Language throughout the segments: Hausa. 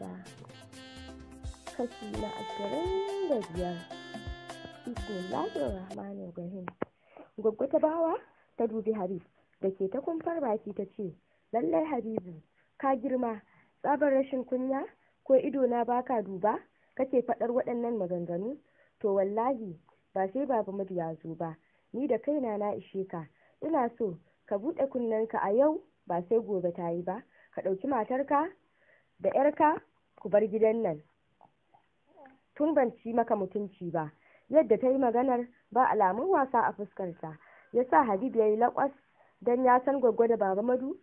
ƙasa kashi na ashirin da biyar Ibrahim rahmanir rahim gwaggwa ta bawa ta dubi habib da ke ta kumfar baki ta ce lallai habibu ka girma tsabar rashin kunya ko ido na baka duba kake faɗar waɗannan maganganu to wallahi ba sai babu mabiya zo ba ni da kaina na ishe ka ina so ka buɗe kunnanka a yau ba sai gobe ta yi ba ka ɗauki matarka da yarka ku bar gidan nan tun ban ci maka mutunci ba yadda ta yi maganar ba alamun wasa a fuskarta ya sa habib ya yi lakwas don ya san da baba madu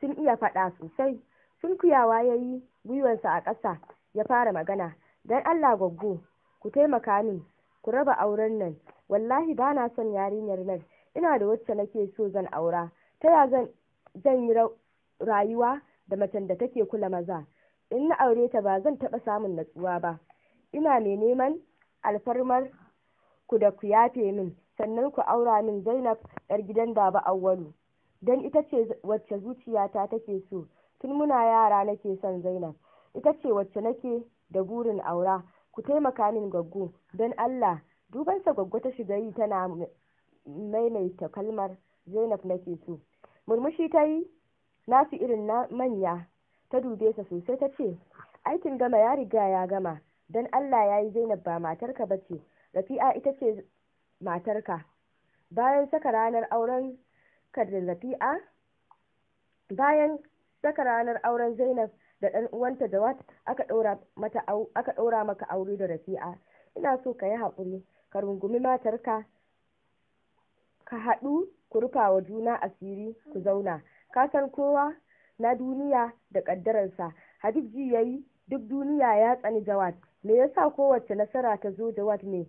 sun iya faɗa sosai sun kuyawa ya yi gwiwansa a ƙasa ya fara magana don allah gwaggo ku taimaka min ku raba auren nan wallahi ba na son yarinyar nan ina da wacce nake so zan aura ta ya zan yi rayuwa da macen da take kula maza in na aure ta ba zan taɓa samun natsuwa ba ina mai neman alfarmar ku da ku yafe min sannan ku aura min zainab yar gidan ba Auwalu. don ita ce wacce zuciyata take so tun muna yara nake son zainab ita ce wacce nake da burin aura ku taimaka min gwaggo don allah dubansa gwaggo ta shiga yi tana maimaita kalmar zainab nake so murmushi ta yi nasu irin manya ta dube sa sosai ta ce aikin gama ya riga ya gama don allah ya yi zainab ba matarka ba ce rafi'a ita ce matarka bayan saka ranar auren ka rafi'a bayan saka ranar auren zainab da ɗan uwanta da wat aka ɗora mata aka daura maka aure da rafi'a ina so ka yi haƙuri ka rungumi matarka ka haɗu ku rufa wa juna asiri ku zauna ka san kowa na duniya da ƙaddararsa habib ji ya yi duk duniya ya tsani jawad me yasa kowace nasara ta zo jawad ne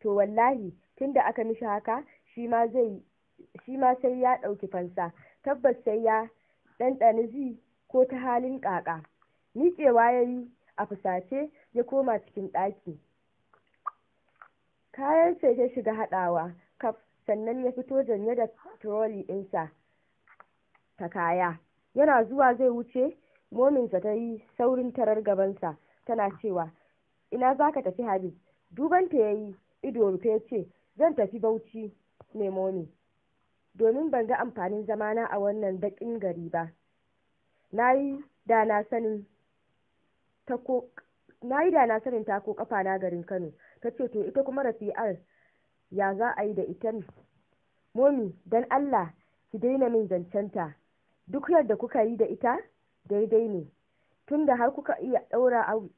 to wallahi tun da aka mishi haka shi ma sai ya ɗauki fansa tabbas sai ya ɗanɗani zi ko ta halin ƙaƙa miƙewa ya yi a fusace ya koma cikin ɗaki kayan sai ya shiga haɗawa kaf sannan ya fito janye da turoli ɗinsa ta kaya yana zuwa zai wuce mominsa ta yi saurin tarar gabansa tana cewa ina za ka tafi habib dubanta ya yi ido rufe ce zan tafi bauchi ne momi domin ban ga amfanin zamana a wannan daƙin gari ba na yi da na sanin ta ko kafa na garin kano ta ce to ita kuma rafi'ar ya za a yi da ita momi don allah ki daina min zancenta duk yadda kuka yi da ita daidai ne tunda har kuka iya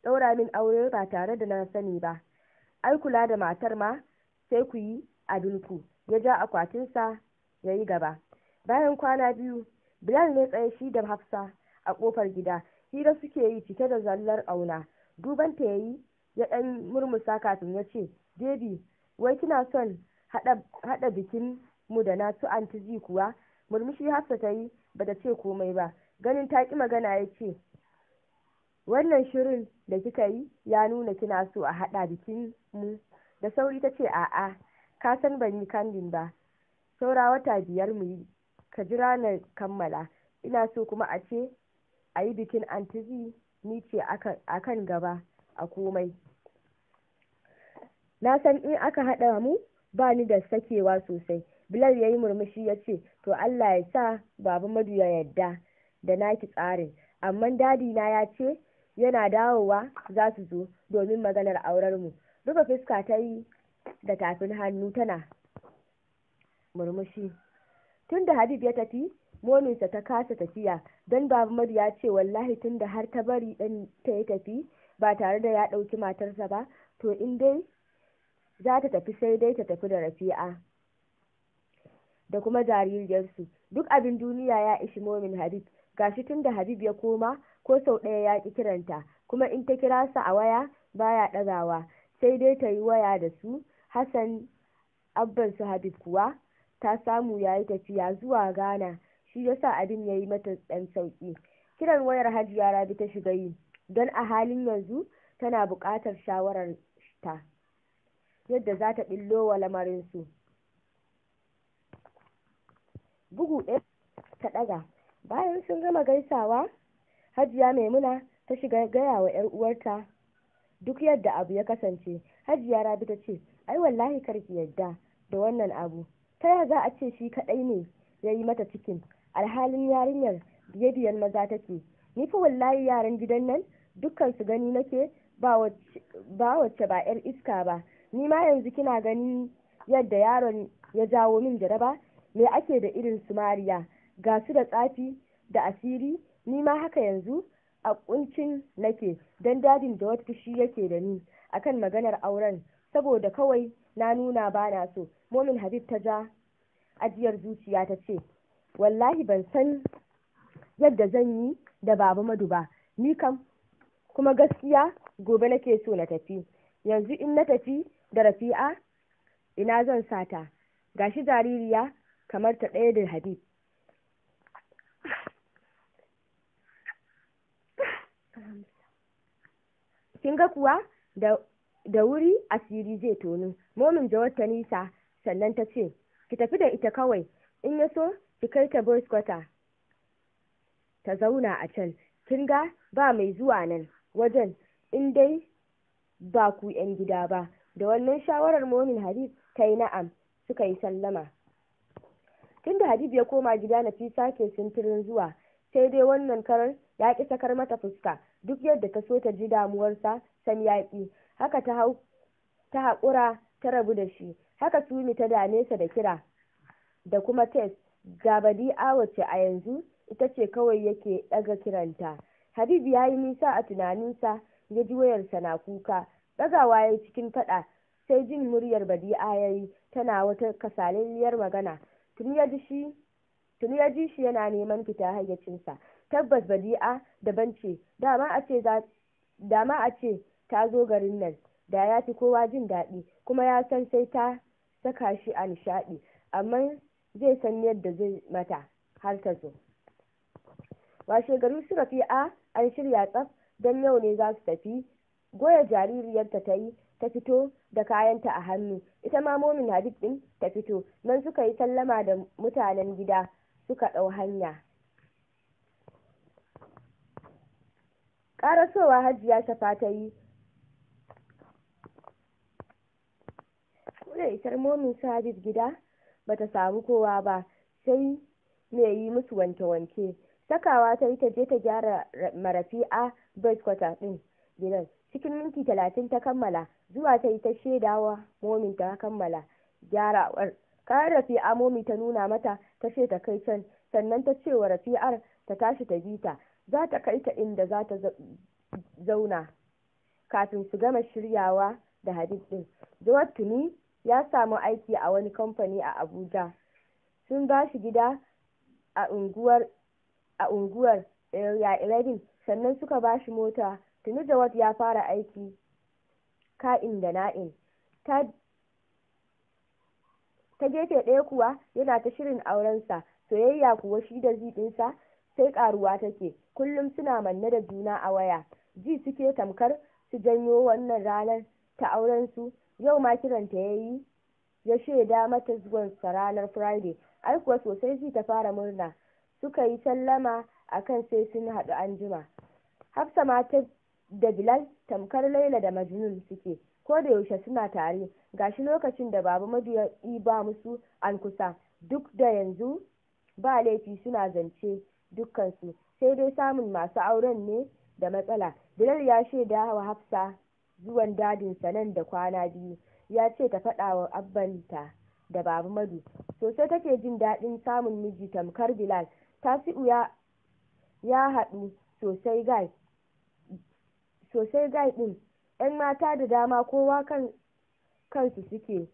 ɗaura min aure ba tare da na sani ba ai kula da matar ma sai ku yi abinku ya ja akwatinsa ya yi gaba bayan kwana biyu bilal ne tsaye shi da hafsa a ƙofar gida hira suke yi cike da zallar auna duban ta yayi ya ɗan murmusa kafin ya ce "Debi, wai kina son hada bikin mu da na su anti kuwa murmushi hafsa ta yi Ba bata ce komai ba ganin ta ki magana ya ce wannan shirin da kika yi ya nuna kina so a haɗa bikin mu da sauri ta ce a'a ka san ban yi kandin ba saura wata biyar mu yi ka jira na kammala ina so kuma a ce a yi bikin antizi ni ce a kan gaba a komai na san in aka haɗa mu ba ni da sakewa sosai Bilal ya yi murmushi ya ce, To Allah ya sa Babu Madu ya yarda da naki tsarin, amma dadina ya ce yana dawowa za su zo domin maganar aurenmu. Rufe fuska ta yi da tafin hannu tana murmushi. Tun da Habib ya tafi, mominsa ta kasa tafiya don Babu Madu ya ce wallahi tun da har ta bari ɗan ta yi tafi ba tare da ya ɗauki matarsa ba, to in dai za ta tafi sai dai ta tafi da rafi'a. da kuma jaririyarsu duk abin duniya ya ishi momin habib gashi tun da habib ya koma ko sau ɗaya ya ƙi kiranta kuma in ta kira su a waya baya ɗagawa sai dai ta yi waya da su hassan abban su habib kuwa ta samu ya yi tafiya zuwa ghana shi ya sa abin ya yi mata ɗan sauƙi kiran wayar hajiya rabi ta shiga yi don a halin yanzu tana buƙatar shawarar ta yadda za ta ɓillo wa lamarinsu bugu ɗaya ta ɗaga bayan sun gama gaisawa hajiya maimuna ta shiga gaya wa yar uwarta duk yadda abu ya kasance hajiya rabi ta ce ai wallahi karki yadda da wannan abu ta ya za a ce shi kaɗai ne ya yi mata cikin alhalin yarinyar biye maza take ni fa wallahi yaran gidan nan dukkan su gani nake ba wacce ba yar iska ba ni ma yanzu kina ganin yadda yaron ya jawo min jaraba me ake da irin sumariya? ga su da tsafi da asiri ni ma haka yanzu a kuncin nake Don dadin da wata shi yake da ni akan maganar auren saboda kawai na nuna ba na so momin habib ta ja ajiyar zuciya ta ce wallahi ban san yadda zan yi da baba madu ba ni kam kuma gaskiya gobe nake so na tafi yanzu in na tafi da rafi'a ina zan sata gashi jaririya kamar ta ɗaya da habib kin ga kuwa da wuri asiri zai tonu momin jawar ta nisa sannan ta ce ki tafi da ita kawai in ya so ki kai ta boys quarter ta zauna a can kin ga ba mai zuwa nan wajen in dai ba ku yan gida ba da wannan shawarar momin habib ta yi na'am suka yi sallama tun da habib ya koma gida na nafisa ke sintirin zuwa sai dai wannan karar ya ki sakar mata fuska duk yadda ta so ta ji damuwarsa san yaƙi haka ta hau ta haƙura ta rabu da shi haka tumi ta dame sa da kira da kuma test gabadi awace a yanzu ita ce kawai yake ɗaga kiranta habib ya yi nisa a tunaninsa ya ji wayarsa na kuka ɗagawa ya cikin faɗa sai jin muryar badi'a ya yi tana wata kasalalliyar magana tuni ya ji shi yana neman fita hayyacinsa tabbas badi'a daban ce dama a ce ta zo garin nan da ya fi kowa jin daɗi kuma ya san sai ta saka shi a nishaɗi amma zai san yadda zai mata har ta zo washe gari suka rafi a an shirya tsaf don yau ne za su tafi goya jaririyarta ta yi ta fito da kayanta a hannu ita ma momin habib din ta fito nan suka yi sallama da mutanen gida suka ɗau hanya ƙarasowa hajiya shafa ta yi da isar momin su habib gida bata samu kowa ba sai mai yi musu wanke-wanke sakawa ta yi ta je ta gyara marafi a boys quarter din gidan cikin minti talatin ta kammala zuwa ta yi ta shaidawa momin ta kammala gyarawar kayan rafi'a momi ta nuna mata ta ce ta kai can sannan ta ce wa rafi'ar ta tashi ta bita za ta kai ta inda za ta zauna kafin su gama shiryawa da hadis din jawad tuni ya samu aiki a wani kamfani a abuja sun ba shi gida a unguwar 11 sannan suka ba shi mota tuni jawad ya fara aiki ka'in da na'in ta gefe ɗaya kuwa yana ta shirin aurensa soyayya kuwa shi da ɗinsa? sai karuwa take kullum suna manne da juna a waya ji suke tamkar su janyo wannan ranar ta aurensu yau ma kiranta ya yi ya shaida mata zuwansa ranar friday ai kuwa sosai ji ta fara murna suka yi sallama akan sai sun haɗu anjima hafsa ma ta da bilal tamkar laila da majnun suke ko da yaushe suna tare gashi lokacin da babu madu ya ba musu an kusa duk da yanzu ba laifi suna zance dukkansu sai dai samun masu auren ne da matsala bilal ya shaida wa hafsa zuwan dadin nan da kwana biyu ya ce ta faɗa wa abbanta da babu madu sosai take jin daɗin samun miji tamkar bilal tasi'u ya haɗu sosai gai sosai guy ɗin ‘yan mata da dama kowa kan kansu suke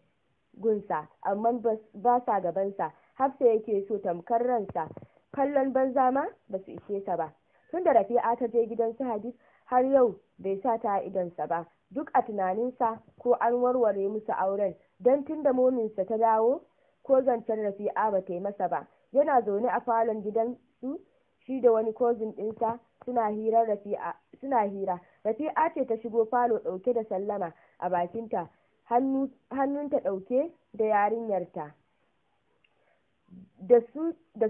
gunsa amma ba sa gabansa hafsa yake so tamkar ransa kallon banza ma ba su ishe sa ba tun da rafi'a ta je gidan su hadis har yau bai sa ta idansa ba duk a tunaninsa ko an warware musu auren don tun da mominsa ta dawo ko zancen rafi'a ba ta yi masa ba yana zaune a falon gidan su shi da wani kozin ɗinsa suna hira rafi'a ce ta shigo falo ɗauke da sallama a bakinta hannunta ɗauke da yarinyarta da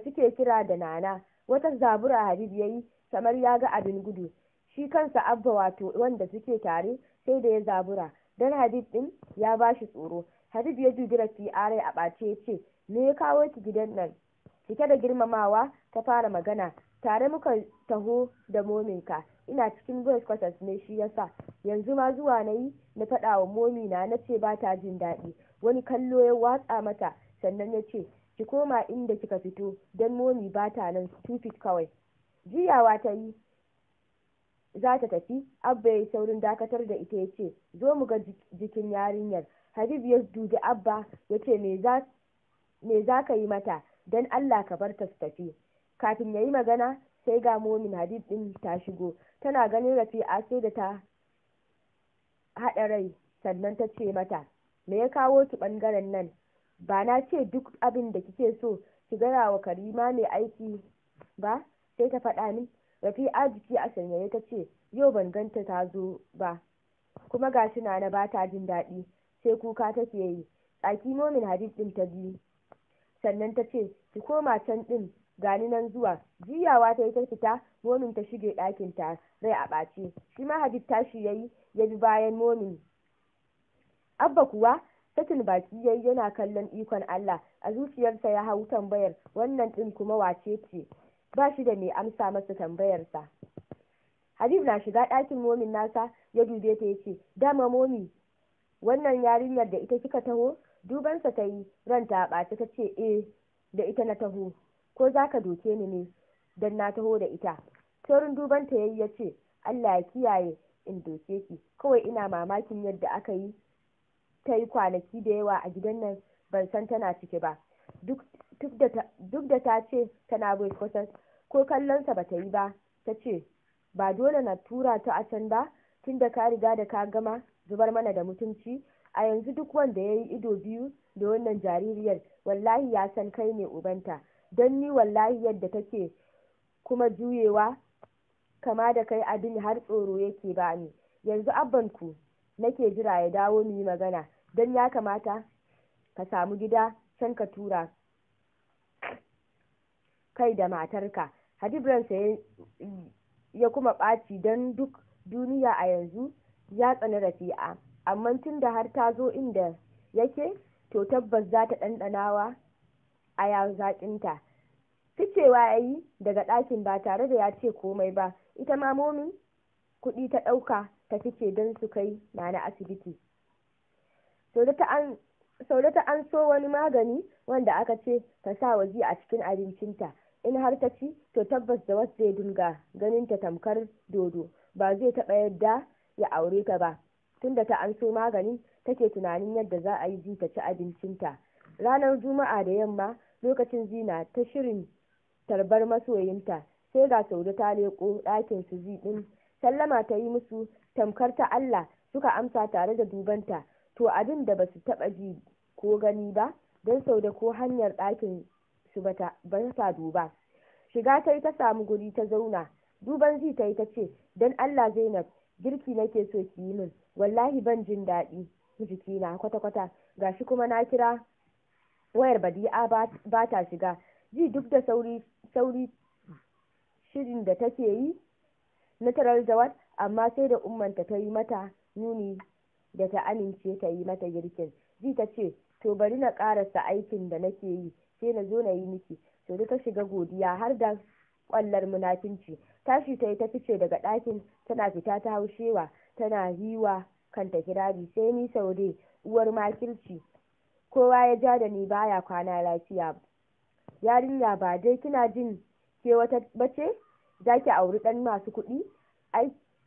suke kira da nana wata zabura habib yi kamar ya ga abin gudu shi kansa abba wato wanda suke tare sai da ya zabura Don habib din ya ba shi tsoro habib ya dubi rafi'a rai a ɓace ya ce me ya kawo ki gidan nan cike da girmamawa ta fara magana tare muka taho da mominka ina cikin boys quarters ne shi yasa yanzu ma zuwa na yi na faɗa wa momi na na ce ba ta jin daɗi wani kallo ya watsa mata sannan ya ce ki koma inda kika fito don momi ba ta nan stupid kawai jiyawa ta yi za ta tafi abba ya saurin dakatar da ita ya ce zo mu ga jikin yarinyar habib ya dubi abba ya ce me za ka yi mata don allah ka bar ta su tafi kafin ya yi magana sai ga momin hadid din ta shigo tana ganin rafi'a sai da ta haɗa rai sannan ta ce mata me ya kawo ki ɓangaren nan ba na ce duk abin da kike so ki gana wa karima mai aiki ba sai ta faɗa min rafi'a jiki a sanyaye ta ce yau ban ganta ta zo ba kuma ga shi na ba ta jin daɗi sai kuka take yi tsaki momin hadid ɗin ta bi. sannan ta ce ki koma can ɗin gani nan zuwa jiyawa ta yi ta fita momin ta shige ɗakin ta rai a ɓace shi ma habib tashi ya yi ya bi bayan momin abba kuwa satin baki ya yana kallon ikon allah a zuciyarsa ya hau tambayar wannan ɗin kuma wace ce ba shi da mai amsa masa tambayarsa habib na shiga ɗakin momin nasa ya dube ta ya ce dama momi wannan yarinyar da ita kika taho dubansa ta yi ranta a ɓace ta ce eh da ita na taho ko za ka doke ni ne don na taho da ita saurin duban ta yayi ya ce allah ya kiyaye in doke ki kawai ina mamakin yadda aka yi ta yi kwanaki da yawa a gidan nan ban san tana ciki ba duk da ta ce tana bai ko kallonsa ba ta yi ba ta ce ba dole na tura ta a can ba tun da ka riga da ka gama zubar mana da mutunci a yanzu duk wanda ya yi ido biyu da wannan jaririyar wallahi ya san kai ne ubanta don ni wallahi yadda take kuma juyewa kama da kai abin har tsoro yake bani yanzu abbanku nake jira ya dawo mu yi magana don ya kamata ka samu gida can ka tura kai da matarka hadibransa ya kuma ɓaci don duk duniya a yanzu ya tsani rafi'a amma tun da har ta zo inda yake to tabbas za ta ɗanɗanawa aya ta ficewa ya yi daga ɗakin ba tare da ya ce komai ba ita ma momin kuɗi ta ɗauka ta fice don su kai na asibiti da ta an so wani magani wanda aka ce ta sa waje a cikin abincinta in har ta ci to tabbas da wasu zai dinga ganin ta tamkar dodo ba zai taɓa yadda ya aure ta ba tunda ta an so maganin take tunanin yadda za a yi ji ta ci abincinta ranar juma'a da yamma lokacin zina ta shirin tarbar masoyinta sai ga saude ta leƙo ɗakin su sallama ta yi musu tamkar ta allah suka amsa tare da dubanta to abin da ba su taɓa ji ko gani ba don saude ko hanyar ɗakin su ba ta duba shiga ta yi ta samu guri ta zauna duban zi ta yi ta ce don allah zainab girki nake so ki yi min wallahi ban jin daɗi jikina kwata-kwata gashi kuma na kira wayar badi'a ba ta shiga ji duk da sauri sauri shirin da take yi na tarar jawad amma sai da ummanta ta yi mata nuni da ta amince ta yi mata girkin ji ta ce to bari na karasa aikin da nake yi sai na zo na yi miki to ta shiga godiya har da kwallar munafinci tashi ta yi ta fice daga ɗakin tana fita ta haushewa tana yiwa kanta kirari sai ni saude uwar makirci kowa ya ja da ni baya kwana lafiya yarinya ba dai kina jin ke wata bace za ki auri dan masu kuɗi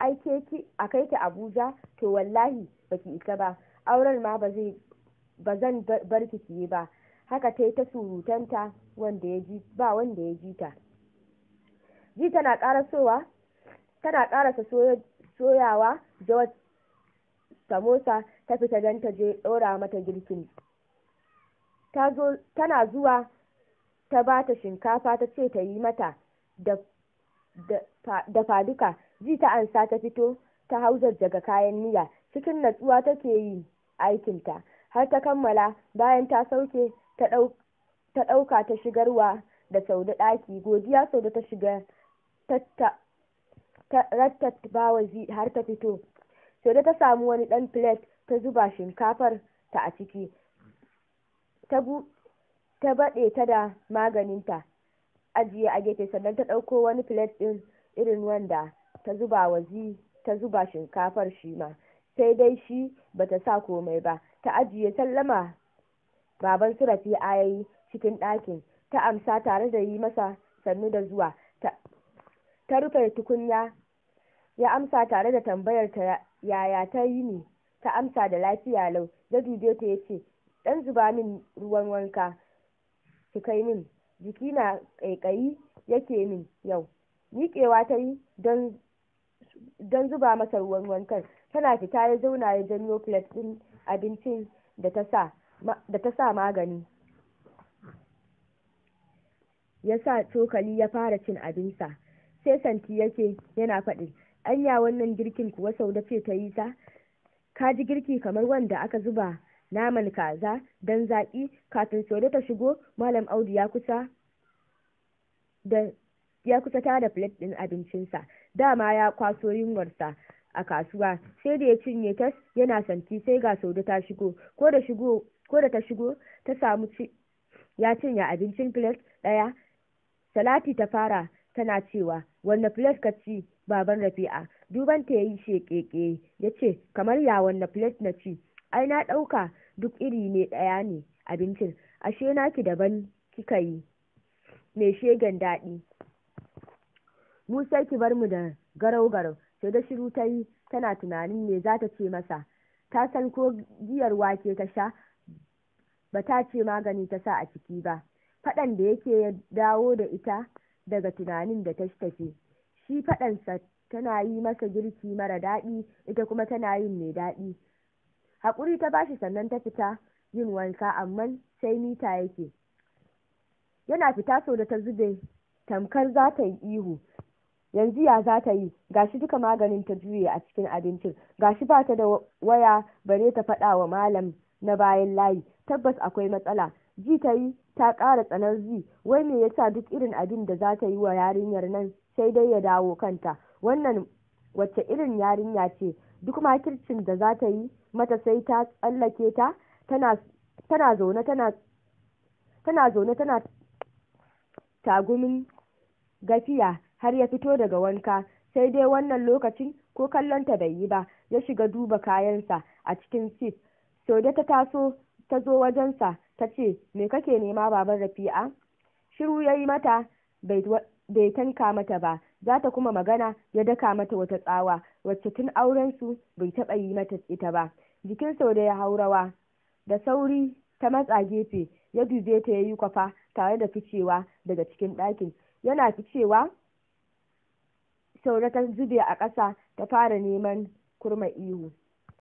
ai ki a kai ki abuja to wallahi ba ki isa ba auren ma ba zai ba zan bar ki kiye ba haka ta yi ta surutanta wanda ya ji ba wanda ya ji ta ji tana ƙarasowa tana ƙarasa soyawa wata samosa ta fita don ta je ɗora mata girkin tana zuwa ta ba ta shinkafa ta ce ta yi mata da faduka ji ta ansa ta fito ta hau daga kayan miya cikin natsuwa take yi aikinta har ta kammala bayan ta sauke ta ɗauka ta shigarwa da sau da ɗaki godiya sau da ta shiga rattattabawa har ta fito sau da ta samu wani ɗan plate ta zuba shinkafar ta a ciki ta baɗe ta da maganinta ajiye a gefe sannan ta ɗauko wani filet ɗin irin wanda ta zuba wa ta zuba shinkafar shi ma sai dai shi ba ta sa komai ba ta ajiye sallama baban su rafi'a yayi cikin ɗakin ta amsa tare da yi masa sannu da zuwa ta rufe tukunya ya amsa tare da tambayar ta yaya ta yi ne ta amsa da lafiya lau da dube ya ce dan zuba min ruwan wanka ki kai min jiki na ƙaiƙayi yake min yau miƙewa ta yi don don zuba masa ruwan wankan tana fita ya zauna ya janyo plate ɗin abincin da ta sa da ta sa magani ya sa cokali ya fara cin abinsa sai santi yake yana faɗi anya wannan girkin kuwa sau da ce ta yi ta ka ji girki kamar wanda aka zuba naman kaza don zaƙi kafin sode ta shigo malam audu ya kusa da ya kusa tara plate ɗin abincinsa dama ya kwaso yunwarsa a kasuwa sai da ya cinye ta yana santi sai ga sauda ta shigo ko da shigo ko da ta shigo ta samu ci ya cinye abincin plate ɗaya salati ta fara tana cewa wanne plate ka ci baban rafi'a duban ta yi sheƙeƙe, ya ce kamar ya wanne plate na ci ai na ɗauka duk iri ne ɗaya ne abincin ashe naki daban kika yi mai shegen daɗi Musa ki bar mu da garau garau sai da shiru ta yi tana tunanin me za ta ce masa ta san ko giyar wake ta sha ba ta ce magani ta sa a ciki ba faɗan da yake ya dawo da ita daga tunanin da ta tafi shi faɗansa tana yi masa girki mara daɗi ita kuma tana yin mai daɗi haƙuri ta bashi sannan ta fita yin wanka amma sai mita yake yana fita sau da ta zube tamkar za ta yi ihu yanzu ya za ta yi gashi duka maganin ta juye a cikin abincin gashi ba ta da waya bare ta faɗa wa malam na bayan layi tabbas akwai matsala ji ta yi ta ƙara tsanar ji wai me sa duk irin abin da za ta yi wa yarinyar nan sai dai ya dawo kanta wannan wacce irin yarinya ce duk makircin da za ta yi mata sai ta tsallake ta tana zaune tana tana zaune tana tagumin gafiya har ya fito daga wanka sai dai wannan lokacin ko kallonta bai yi ba ya shiga duba kayansa a cikin sau saude ta taso ta zo wajensa ta ce me kake nema baban rafi'a shiru ya yi mata bai tanka mata ba za ta kuma magana ya daka mata wata tsawa wacce tun aurensu bai taɓa yi mata ita ba jikin sau da ya haurawa da sauri ta matsa gefe ya dube ta ya yi kwafa tare da ficewa daga cikin ɗakin yana ficewa saurata zube a ƙasa ta fara neman kurma ihu